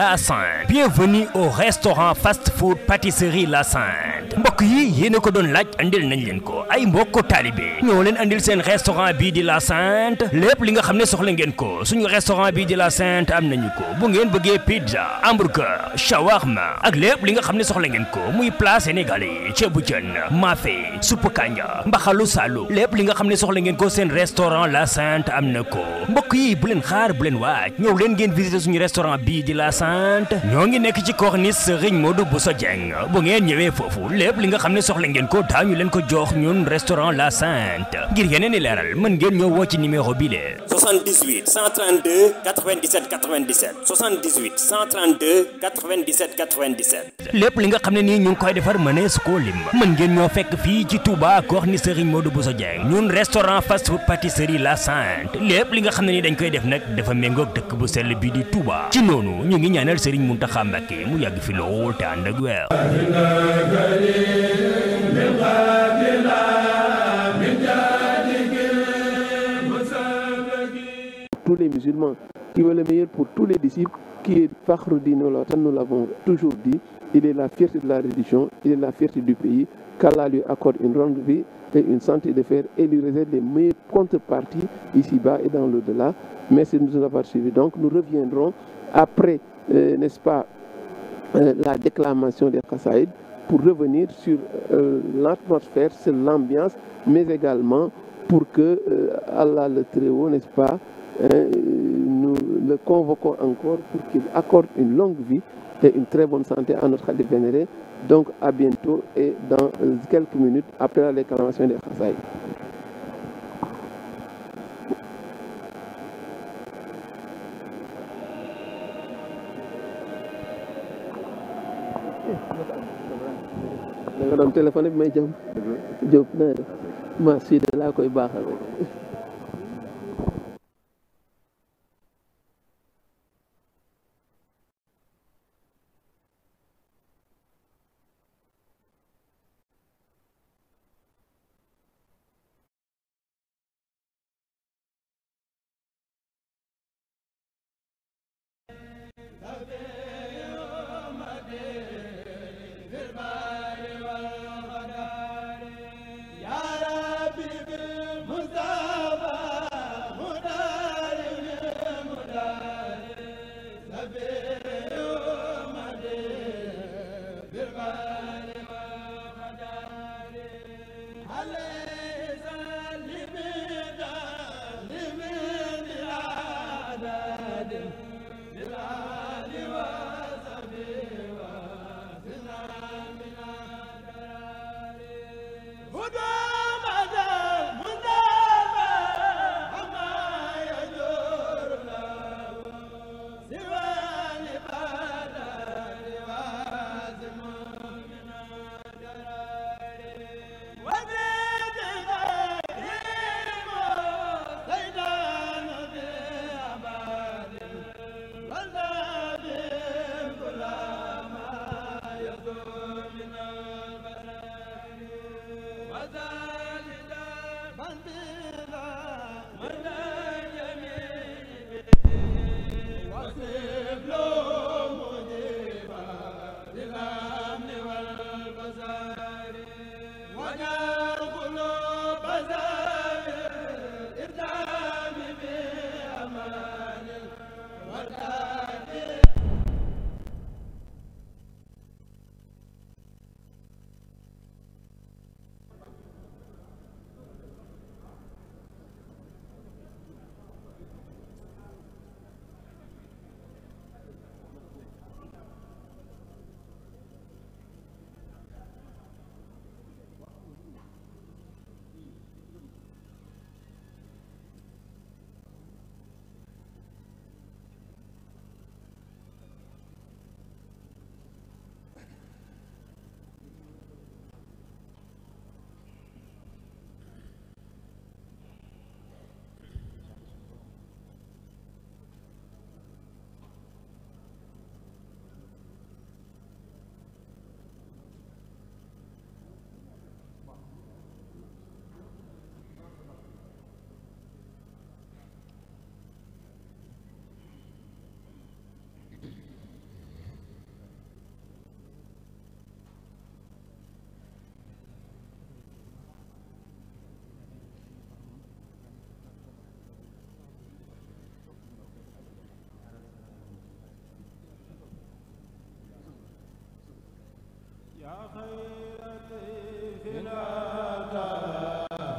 Lassin. Bienvenue au restaurant fast-food pâtisserie Lassin. Mouride mbokk yi yéen ko doon laaj andil nañ leen ko ay mbokk taalibe ñoo leen andil seen restaurant bii di la Sainte lépp li nga xam ne soxla ngeen ko suñu restaurant bii di la Sainte am nañu ko bu ngeen bëggee pizza hamburger shawarma ak lépp li nga xam ne soxla ngeen ko muy plat sénégalais ceebu jën mafé mbaxalu salu lépp li nga xam ne soxla ngeen ko seen restaurant la Sainte am na ko mbokk yi bu leen xaar bu leen waaj ñëw leen ngeen visiter suñu restaurant bii di la Sainte ñoo ngi nekk ci corniche Serigne Modou Bousso Dieng bu ngeen ñëwee foofu lépp li nga xam ne soxla ngeen ko daañu leen ko jox ñun restaurant La Sainte ngir yeneen i leeral mën ngeen ñoo woo ci numéro bi le 78 132 97 97 78 132 97 97 lépp li nga xam ne nii ñu ngi koy defar mënees koo lim mën ngeen ñoo fekk fii ci Touba Corniche Serigne Modou Bousso Dieng ñun restaurant fast food pâtisserie La Sainte lépp li nga xam ne nii dañ koy def nag dafa méngoog dëkk bu sell bi di Touba ci noonu ñu ngi ñaanal Serigne Mountakha Mbacké mu yàgg fi lool te ànd ak weer Tous les musulmans, qui veut le meilleur pour tous les disciples, qui est Fakhruddin nous l'avons toujours dit, il est la fierté de la religion, il est la fierté du pays, qu'Allah lui accorde une longue vie et une santé de fer et lui réserve les meilleures contreparties ici-bas et dans l'au-delà. Merci de nous avoir suivis. Donc nous reviendrons après, euh, n'est-ce pas, euh, la déclamation des Qassaïd pour revenir sur euh, l'atmosphère, sur l'ambiance, mais également pour que euh, Allah le Très-Haut, n'est-ce pas, hein, euh, nous le convoquons encore pour qu'il accorde une longue vie et une très bonne santé à notre Khalid vénéré. Donc à bientôt et dans euh, quelques minutes après la déclamation des Khazaïs. da nga bi may jàmm Diop na maa sii laa koy baaxal rek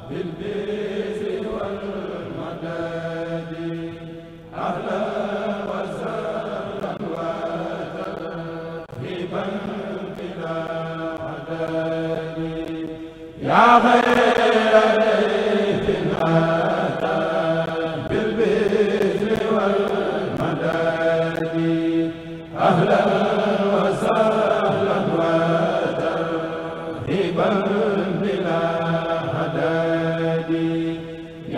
بالبيت والمدد أهلا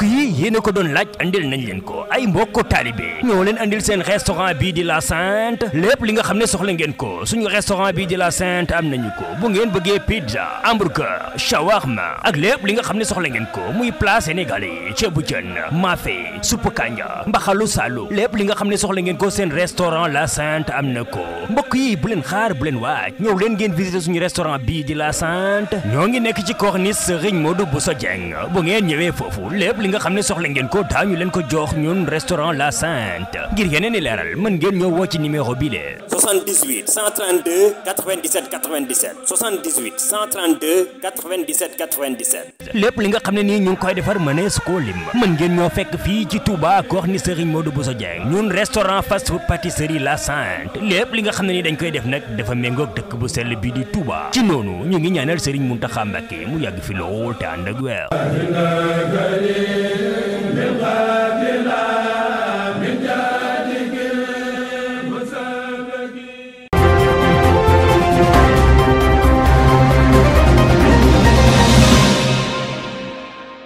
mbokk la Sainte lépp li nga xam ne soxla ngeen ko suñu restaurant bii di la Sainte ko bu ngeen bëggee pizza hamburger shawarma ak li nga xam ne soxla ngeen ko muy plat sénégalais jën mafé suppu kanja mbaxalu salu lépp li nga xam ne soxla ngeen ko seen restaurant la Sainte am na ko mbokk yi bu leen xaar bu leen waaj ñëw leen ngeen visiter suñu restaurant bii di la Sainte ñoo ngi nekk ci corniche Serigne Modou Bousso Dieng bu ngeen ñëwee foofu nga xam ne soxla ngeen ko leen ko jox ñun restaurant La Sainte ngir yeneen i leeral mën ngeen ñoo woo ci numéro bi le 78 132 97 97 78 132 97 lépp li nga xam ne nii ñu ngi koy defar mënees koo lim mën ngeen ñoo fekk fii ci Touba Corniche Serigne Modou Bousso Dieng ñun restaurant fast food pâtisserie La Sainte lépp li nga xam ne nii dañ koy def nag dafa méngoog dëkk bu sell bi di Touba ci noonu ñu ngi ñaanal Serigne Mountakha Mbacké mu yàgg fi lool te ànd ak weer